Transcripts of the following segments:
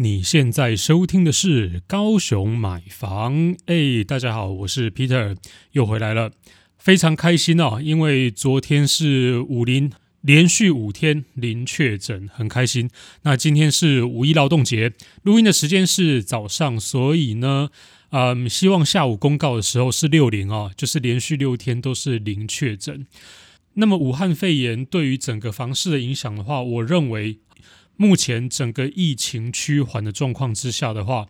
你現在收聽的是高雄買房，哎，大家好，我是 Peter，又回來了，非常開心哦，因為昨天是五零，連續五天零確診，很開心。那今天是五一勞動節，錄音的時間是早上，所以呢，嗯、呃，希望下午公告的時候是六零哦，就是連續六天都是零確診。那麼武漢肺炎對於整個房市的影響的話，我認為。目前整個疫情趨緩的狀況之下的話，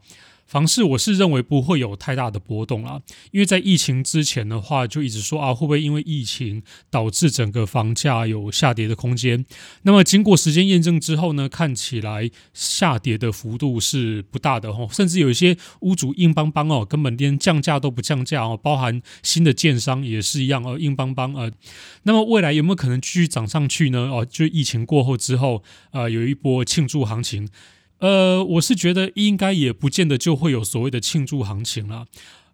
房市，我是認為不會有太大的波動啊，因為在疫情之前的話，就一直說啊，會不會因為疫情導致整個房價有下跌的空間？那麼經過時間驗證之後呢，看起來下跌的幅度是不大的哦，甚至有一些屋主硬邦邦哦，根本連降價都不降價哦，包含新的建商，也是一樣哦，硬邦邦呃，那麼未來有沒有可能繼續漲上去呢？哦，就疫情過後之後，呃，有一波慶祝行情。呃，我是覺得應該也不見得就會有所謂的慶祝行情了。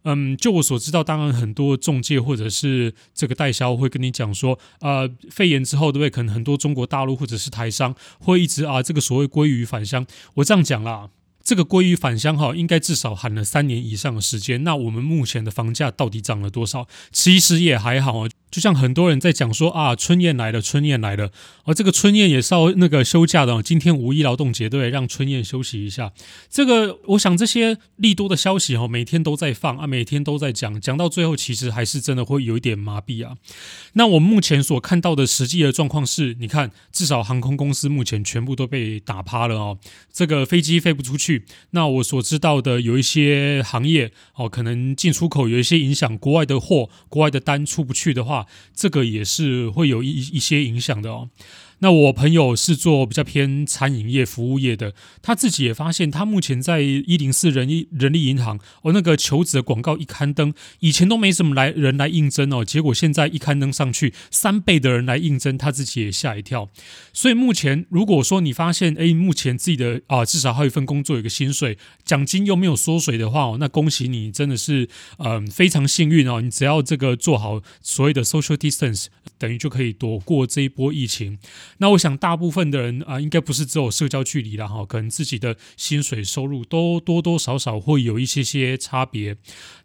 嗯，就我所知道，當然很多中介或者是這個代銷會跟你講說，呃，肺炎之後對不對？可能很多中國大陸或者是台商會一直啊，這個所謂鮭魚返鄉。我這樣講啦，這個鮭魚返鄉哈，應該至少喊了三年以上的時間。那我們目前的房價到底漲了多少？其實也還好啊。就像很多人在講說啊，春燕來了，春燕來了，而、啊、這個春燕也是要那個休假的，哦，今天五一勞動節，對，讓春燕休息一下。這個，我想這些利多的消息哈，哦，每天都在放啊，每天都在講，講到最後其實還是真的會有一點麻痹啊。那我目前所看到的實際的狀況是，你看，至少航空公司目前全部都被打趴了哦，這個飛機飛不出去。那我所知道的有一些行業哦，可能進出口有一些影響，國外的貨、國外的單出不去的話。這個也是會有一一些影響的哦。那我朋友是做比較偏餐飲業、服務業的，他自己也發現，他目前在一零四人人力銀行哦，那個求職的廣告一刊登，以前都沒什麼來人來應徵哦，結果現在一刊登上去，三倍的人來應徵，他自己也嚇一跳。所以目前如果說你發現，哎，目前自己的啊，至少還有一份工作，有一個薪水獎金又沒有縮水的話，哦，那恭喜你，真的是嗯非常幸運哦。你只要這個做好所謂的 social distance，等於就可以躲過這一波疫情。那我想，大部分的人啊、呃，應該不是只有社交距離了哈，可能自己的薪水收入都多多少少會有一些些差別。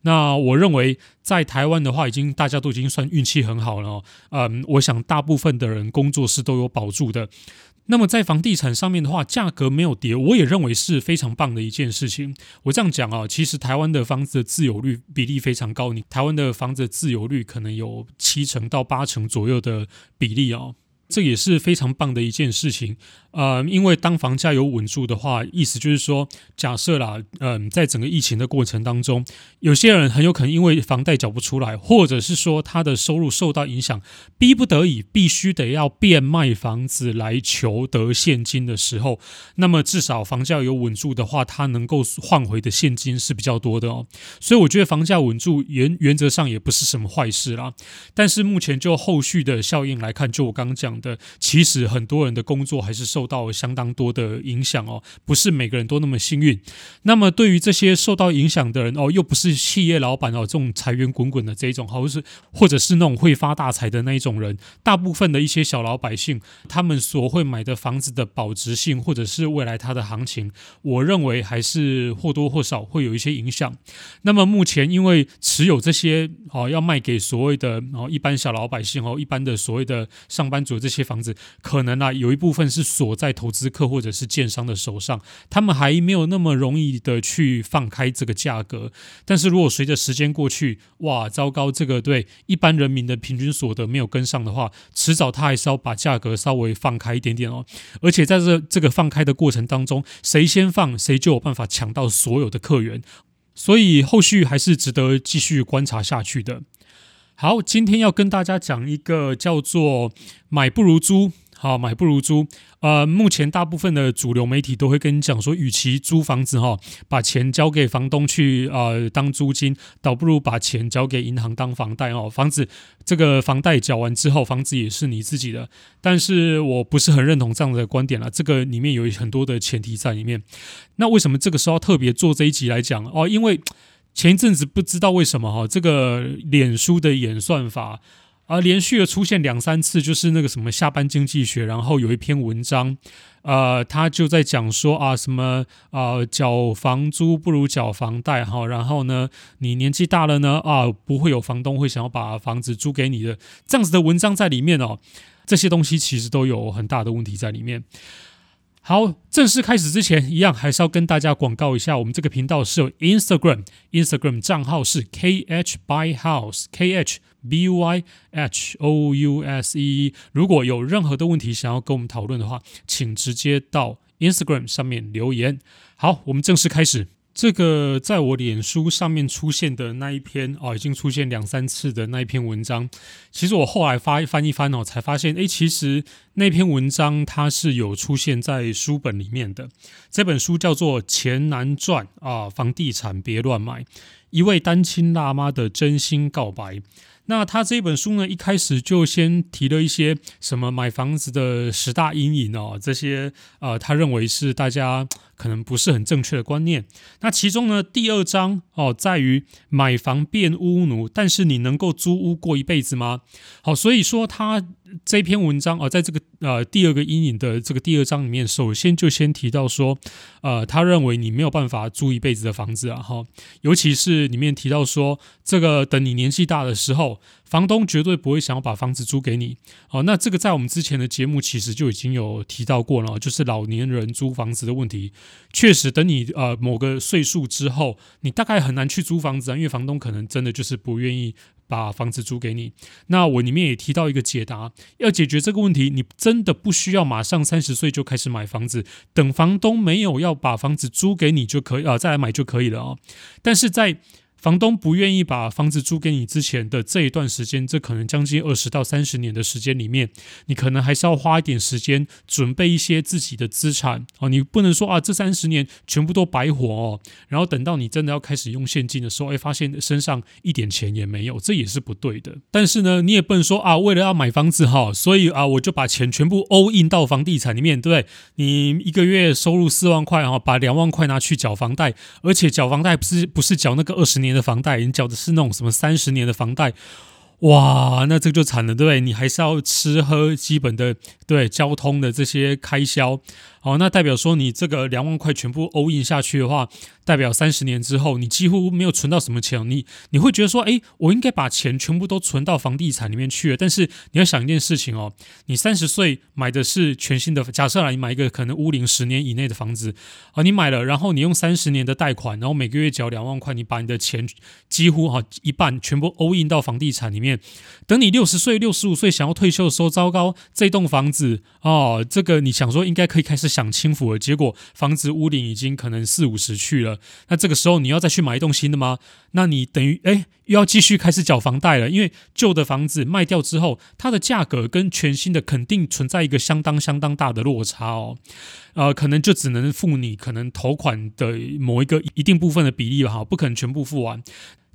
那我認為，在台灣的話，已經大家都已經算運氣很好了。嗯、呃，我想大部分的人工作是都有保住的。那麼在房地產上面的話，價格沒有跌，我也認為是非常棒的一件事情。我這樣講啊，其實台灣的房子的自有率比例非常高，你台灣的房子的自有率可能有七成到八成左右的比例啊。這也是非常棒的一件事情，呃，因為當房價有穩住的話，意思就是說，假設啦，嗯、呃，在整個疫情的過程當中，有些人很有可能因為房貸繳不出來，或者是說他的收入受到影響，逼不得已必須得要變賣房子來求得現金的時候，那麼至少房價有穩住的話，他能夠換回的現金是比較多的哦。所以我覺得房價穩住原原則上也不是什麼壞事啦。但是目前就後續的效應來看，就我剛講的。的其實很多人的工作還是受到相當多的影響哦，不是每個人都那麼幸運。那麼對於這些受到影響的人哦，又不是企業老闆哦，這種財源滾滾的這一種，或者是或者是那種會發大財的那一種人，大部分的一些小老百姓，他們所會買的房子的保值性，或者是未來它的行情，我認為還是或多或少會有一些影響。那麼目前因為持有這些哦，要賣給所謂的哦，一般小老百姓哦，一般的所謂的上班族這。這些房子可能啊，有一部分是鎖在投資客或者是建商的手上，他們還沒有那麼容易的去放開這個價格。但是如果隨着時間過去，哇，糟糕，這個對一般人民的平均所得沒有跟上的話，遲早他還是要把價格稍微放開一點點哦。而且在這這個放開的過程當中，誰先放，誰就有辦法搶到所有的客源，所以後續還是值得繼續觀察下去的。好，今天要跟大家講一個叫做“買不如租”。好，買不如租。呃，目前大部分的主流媒體都會跟你講說，與其租房子哈、哦，把錢交給房東去呃當租金，倒不如把錢交給銀行當房貸哦。房子這個房貸繳完之後，房子也是你自己的。但是我不是很認同這樣的觀點啦。這個裡面有很多的前提在裡面。那為什麼這個時候特別做這一集來講？哦，因為前一陣子不知道為什麼哈，這個臉書的演算法啊，連續的出現兩三次，就是那個什麼下班經濟學，然後有一篇文章，啊、呃，他就在講說啊，什麼啊、呃，繳房租不如繳房貸哈，然後呢，你年紀大了呢啊，不會有房東會想要把房子租給你的，這樣子的文章在裡面哦，這些東西其實都有很大的問題在裡面。好，正式開始之前，一樣還是要跟大家廣告一下，我們這個頻道是有 Instagram，Instagram 賬 Instagram 號是 kh buy house kh b u y h o u s e。如果有任何的問題想要跟我們討論的話，請直接到 Instagram 上面留言。好，我們正式開始。這個在我臉書上面出現的那一篇哦，已經出現兩三次的那一篇文章，其實我後來翻一翻哦，才發現，誒，其實那篇文章它是有出現在書本裡面的。這本書叫做《錢難賺啊，房地產別亂買》，一位單親辣媽的真心告白。那他這本書呢，一開始就先提了一些什麼買房子的十大陰影哦，這些呃，他認為是大家。可能不是很正確的觀念。那其中呢，第二章哦，在於買房變屋奴，但是你能夠租屋過一輩子嗎？好，所以說他這篇文章啊、呃，在這個呃第二個陰影的這個第二章裡面，首先就先提到說，呃，他認為你沒有辦法租一輩子的房子啊。哈，尤其是裡面提到說，這個等你年紀大的時候，房東絕對不會想要把房子租給你。哦，那這個在我們之前的節目其實就已經有提到過了，就是老年人租房子的問題。確實，等你呃某個歲數之後，你大概很難去租房子啊，因為房東可能真的就是不願意把房子租給你。那我裡面也提到一個解答，要解決這個問題，你真的不需要馬上三十歲就開始買房子，等房東沒有要把房子租給你就可以啊、呃，再來買就可以了啊、哦。但是在房東不願意把房子租給你之前的這一段時間，這可能將近二十到三十年的時間裡面，你可能還是要花一點時間準備一些自己的資產哦，你不能說啊，這三十年全部都白活哦，然後等到你真的要開始用現金的時候，哎，發現身上一點錢也沒有，這也是不對的。但是呢，你也不能說啊，為了要買房子哈，所以啊我就把錢全部 all in 到房地產裡面，對不對？你一個月收入四萬塊哈，把兩萬塊拿去繳房貸，而且繳房貸不是不是繳那個二十年。你的房貸，你繳的是那種什麼三十年的房貸？哇，那這個就慘了，對不對？你還是要吃喝基本的，對交通的這些開銷。哦，那代表說你這個兩萬塊全部歐 n 下去的話，代表三十年之後你幾乎沒有存到什麼錢。你你會覺得說，哎，我應該把錢全部都存到房地產裡面去。但是你要想一件事情哦，你三十歲買的是全新的，假設啊，你買一個可能屋齡十年以內的房子啊，你買了，然後你用三十年的貸款，然後每個月繳兩萬塊，你把你的錢幾乎哈，一半全部歐 n 到房地產裡面。等你六十歲、六十五歲想要退休的時候，糟糕，這棟房子哦，這個你想說應該可以開始享清福了，結果房子屋頂已經可能四五十去了。那這個時候你要再去買一棟新的嗎？那你等於誒又要繼續開始繳房貸了，因為舊的房子賣掉之後，它的價格跟全新的肯定存在一個相當相當大的落差哦。呃，可能就只能付你可能頭款的某一個一定部分的比例了哈，不可能全部付完，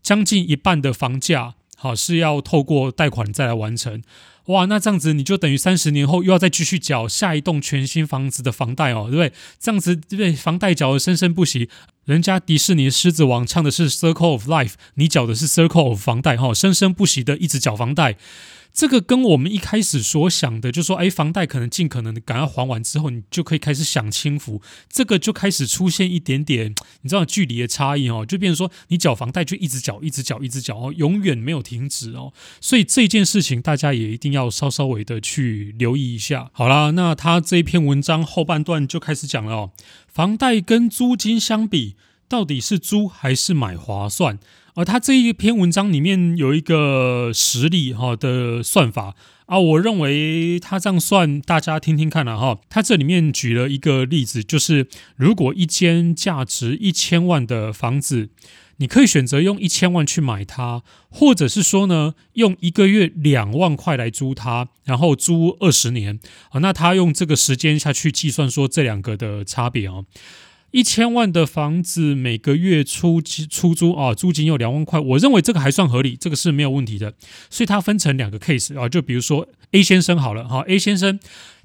將近一半的房價。好是要透過貸款再來完成。哇，那這樣子你就等於三十年後又要再繼續繳下一棟全新房子的房貸哦，對不對？這樣子對房貸繳得生生不息，人家迪士尼獅子王唱的是 Circle of Life，你繳的是 Circle of 房貸哈，生生不息的一直繳房貸。這個跟我們一開始所想的，就說，誒，房貸可能盡可能趕快還完之後，你就可以開始享清福。這個就開始出現一點點，你知道距離的差異哦，就變成說，你繳房貸就一直繳，一直繳，一直繳哦，永遠沒有停止哦。所以這件事情大家也一定要稍稍微的去留意一下。好啦，那他這一篇文章後半段就開始講了哦，房貸跟租金相比，到底是租還是買划算？而、啊、他這一篇文章裡面有一個實例哈的算法啊，我認為他這樣算，大家聽聽看啦、啊，哈。他這裡面舉了一個例子，就是如果一間價值一千萬的房子，你可以選擇用一千萬去買它，或者是說呢，用一個月兩萬塊來租它，然後租二十年啊，那他用這個時間下去計算說這兩個的差別啊。一千萬的房子每個月出租出租啊，租金有兩萬塊，我認為這個還算合理，這個是沒有問題的。所以它分成兩個 case 啊，就比如說 A 先生好了哈，啊，A 先生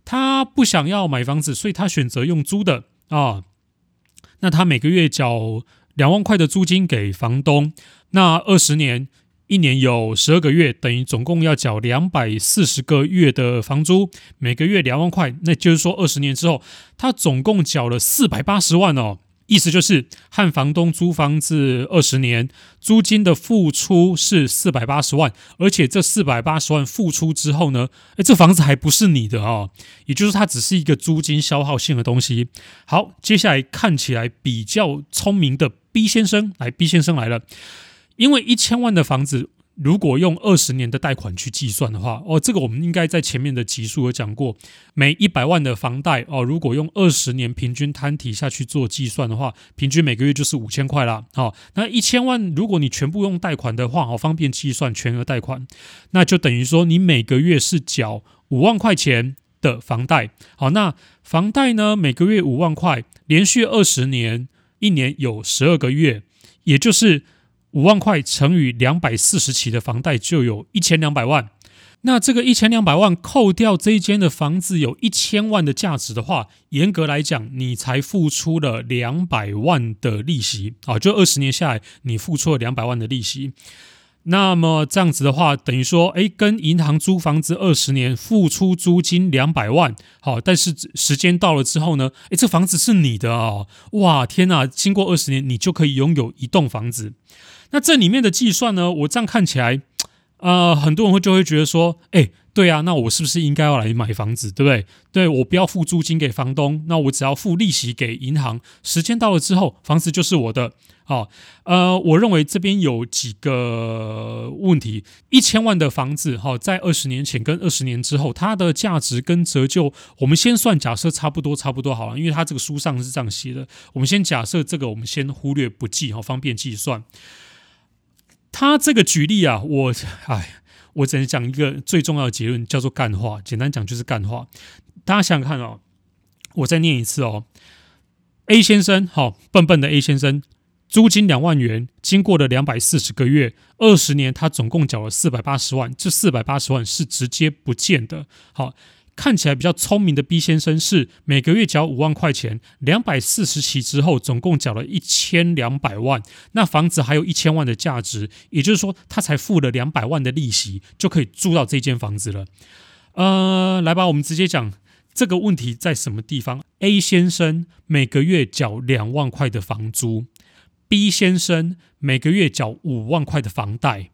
他不想要買房子，所以他選擇用租的啊，那他每個月繳兩萬塊的租金給房東，那二十年，一年有十二個月，等於總共要繳兩百四十個月的房租，每個月兩萬塊，那就是說二十年之後，他總共繳了四百八十萬哦。意思就是和房東租房子二十年，租金的付出是四百八十萬，而且這四百八十萬付出之後呢，哎，這房子還不是你的啊、哦，也就是它只是一個租金消耗性的東西。好，接下來看起來比較聰明的 B 先生，來，B 先生來了。因為一千萬的房子，如果用二十年的貸款去計算的話，哦，這個我們應該在前面的集數有講過，每一百萬的房貸哦，如果用二十年平均攤提下去做計算的話，平均每個月就是五千塊啦、哦。好，那一千萬，如果你全部用貸款的話、哦，好，方便計算全額貸款，那就等於說你每個月是繳五萬塊錢的房貸。好，那房貸呢，每個月五萬塊，連續二十年，一年有十二個月，也就是。五萬塊乘以兩百四十期的房貸就有一千兩百萬，那這個一千兩百萬扣掉這一間的房子有一千萬的價值的話，嚴格來講，你才付出了兩百萬的利息啊！就二十年下來，你付出了兩百萬的利息。那麼這樣子的話，等於說，哎，跟銀行租房子二十年，付出租金兩百萬，好，但是時間到了之後呢？哎，這房子是你的啊、哦！哇，天哪！經過二十年，你就可以擁有一棟房子。那這裡面的計算呢？我這樣看起來，呃，很多人會就會覺得說，誒，對啊，那我是不是應該要來買房子，對不對？對，我不要付租金給房東，那我只要付利息給銀行。時間到了之後，房子就是我的。好，呃，我認為這邊有幾個問題：一千萬的房子，好，在二十年前跟二十年之後，它的價值跟折舊，我們先算，假設差不多，差不多好了，因為它這個書上是這樣寫的。我們先假設這個，我們先忽略不計，好，方便計算。他這個舉例啊，我哎，我只能講一個最重要的結論，叫做幹話。簡單講就是幹話。大家想想看哦，我再念一次哦。A 先生，好、哦、笨笨的 A 先生，租金兩萬元，經過了兩百四十個月，二十年，他總共繳了四百八十萬。這四百八十萬是直接不見的，好、哦。看起來比較聰明的 B 先生是每個月繳五萬塊錢，兩百四十期之後，總共繳了一千兩百萬。那房子還有一千萬的價值，也就是說他才付了兩百萬的利息，就可以租到這間房子了。呃，來吧，我們直接講這個問題在什麼地方。A 先生每個月繳兩萬塊的房租，B 先生每個月繳五萬塊的房貸。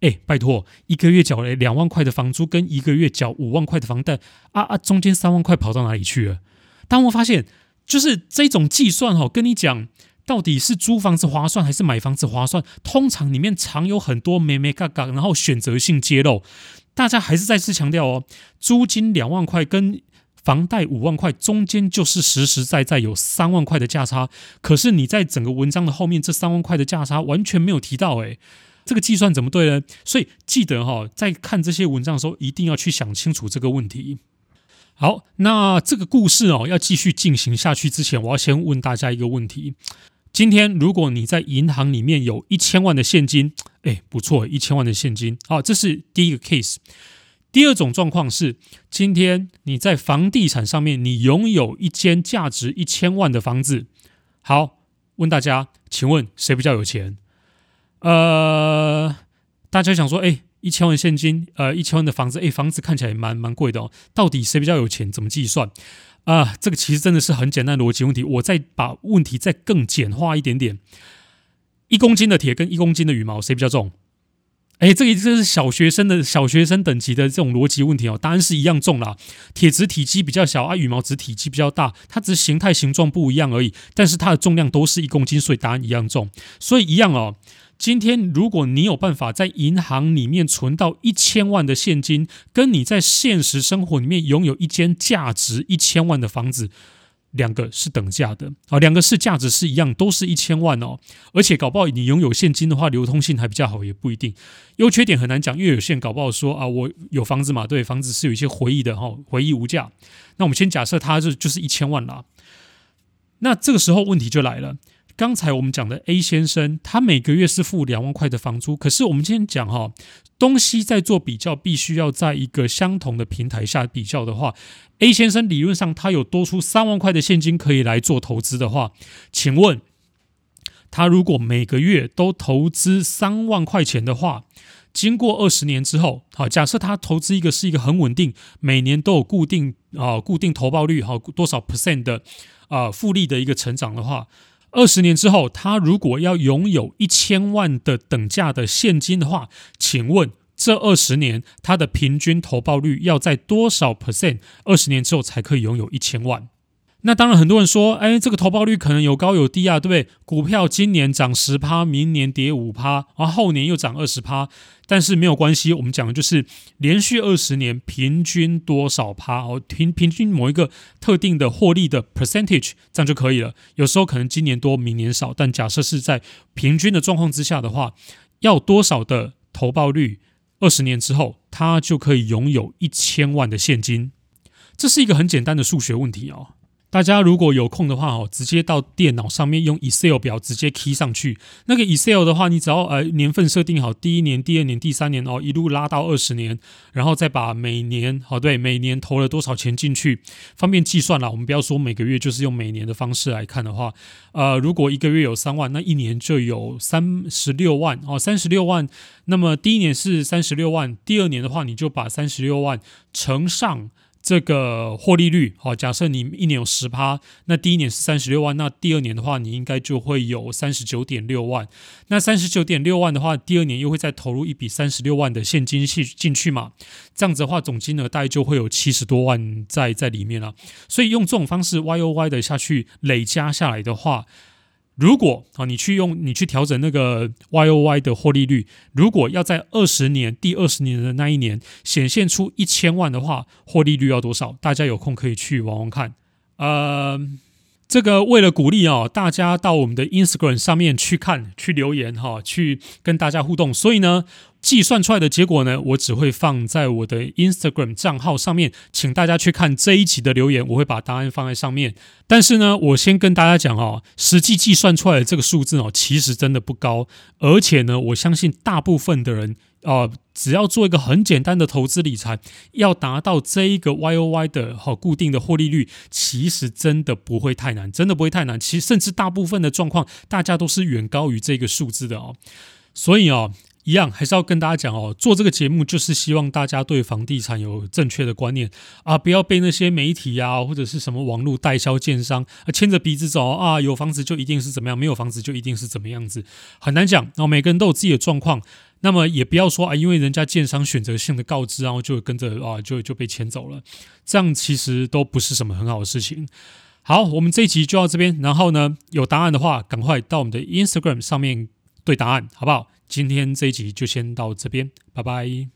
哎，拜託，一個月繳了兩萬塊的房租，跟一個月繳五萬塊的房貸，啊啊，中間三萬塊跑到哪裡去了？當我發現，就是這種計算哦，跟你講，到底是租房子划算，還是買房子划算，通常裡面藏有很多眉眉角角，然後選擇性揭露。大家還是再次強調哦，租金兩萬塊跟房貸五萬塊，中間就是實實在在，在有三萬塊的價差。可是你在整個文章的後面，這三萬塊的價差完全沒有提到誒，哎。這個計算怎麼對呢？所以記得哈、哦，在看這些文章的時候，一定要去想清楚這個問題。好，那這個故事哦，要繼續進行下去之前，我要先問大家一個問題：今天如果你在銀行裡面有一千萬的現金，誒，不錯，一千萬的現金。好，這是第一個 case。第二種狀況是，今天你在房地產上面，你擁有一間價值一千萬的房子。好，問大家，請問誰比較有錢？呃，大家想說，哎、欸，一千萬現金，呃，一千萬的房子，哎、欸，房子看起來也蠻蠻貴的哦，到底誰比較有錢？怎麼計算？啊、呃，這個其實真的是很簡單的邏輯問題。我再把問題再更簡化一點點：一公斤的鐵跟一公斤的羽毛，誰比較重？哎、欸，這一這是小學生的小學生等級的這種邏輯問題哦，答案是一樣重啦。鐵質體積比較小而、啊、羽毛質體積比較大，它只是形態形狀不一樣而已，但是它的重量都是一公斤，所以答案一樣重。所以一樣哦。今天如果你有辦法在銀行裡面存到一千萬的現金，跟你在現實生活裡面擁有一間價值一千萬的房子。兩個是等價的，啊，兩個是價值是一樣，都是一千萬哦。而且搞不好你擁有現金的話，流通性還比較好，也不一定。優缺點很難講，因為有限，搞不好說啊，我有房子嘛，對，房子是有一些回憶的哈，回憶無價。那我們先假設它是就是一千萬啦。那這個時候問題就來了。剛才我們講的 A 先生，他每個月是付兩萬塊的房租。可是我們今天講哈，東西在做比較，必須要在一個相同的平台下比較的話，A 先生理論上他有多出三萬塊的現金可以來做投資的話，請問他如果每個月都投資三萬塊錢的話，經過二十年之後，好，假設他投資一個是一個很穩定，每年都有固定啊固定投報率哈多少 percent 的啊複利的一個成長的話。二十年之後，他如果要擁有一千萬的等價的現金的話，請問這二十年他的平均投報率要在多少 percent？二十年之後才可以擁有一千萬？那當然，很多人說，哎，這個投報率可能有高有低啊，對不對？股票今年漲十趴，明年跌五趴，然後後年又漲二十趴，但是沒有關係。我們講的就是連續二十年平均多少趴，哦，平平均某一個特定的獲利的 percentage，這樣就可以了。有時候可能今年多，明年少，但假設是在平均的狀況之下的話，要多少的投報率，二十年之後，它就可以擁有一千萬的現金。這是一個很簡單的數學問題哦。大家如果有空的話，哦，直接到電腦上面用 Excel 表直接 key 上去。那個 Excel 的話，你只要呃年份設定好，第一年、第二年、第三年哦，一路拉到二十年，然後再把每年，哦對，每年投了多少錢進去，方便計算啦，我們不要說每個月，就是用每年的方式來看的話，呃，如果一個月有三萬，那一年就有三十六萬哦，三十六萬。那麼第一年是三十六萬，第二年的話，你就把三十六萬乘上。這個獲利率，好，假設你一年有十趴，那第一年是三十六萬，那第二年的話，你應該就會有三十九點六萬，那三十九點六萬的話，第二年又會再投入一筆三十六萬的現金進進去嘛，這樣子的話，總金額大概就會有七十多萬在在裡面了，所以用這種方式 Y O Y 的下去累加下來的話。如果啊，你去用你去調整那個 Y O Y 的獲利率，如果要在二十年、第二十年的那一年顯現出一千萬的話，獲利率要多少？大家有空可以去玩玩看，啊、呃。這個為了鼓勵哦，大家到我們的 Instagram 上面去看，去留言哈、哦、去跟大家互動，所以呢，計算出來的結果呢，我只會放在我的 Instagram 賬號上面，請大家去看這一集的留言，我會把答案放在上面。但是呢，我先跟大家講哦，實際計算出來的這個數字哦，其實真的不高，而且呢，我相信大部分的人。呃，只要做一個很簡單的投資理財，要達到這一個 YOY 的好固定的獲利率，其實真的不會太難，真的不會太難。其實甚至大部分的狀況，大家都是遠高於這個數字的哦。所以哦，一樣還是要跟大家講哦，做這個節目就是希望大家對房地產有正確的觀念啊，不要被那些媒體啊或者是什麼網絡代銷建商牽着鼻子走啊。有房子就一定是怎麼樣，沒有房子就一定是怎麼樣子，很難講。然後每個人都有自己的狀況。那麼也不要說啊、呃，因為人家建商選擇性的告知，然後就跟着啊，就就被牽走了，這樣其實都不是什麼很好的事情。好，我們這一集就到這邊，然後呢，有答案的話趕快到我們的 Instagram 上面對答案，好不好？今天這一集就先到這邊，拜拜。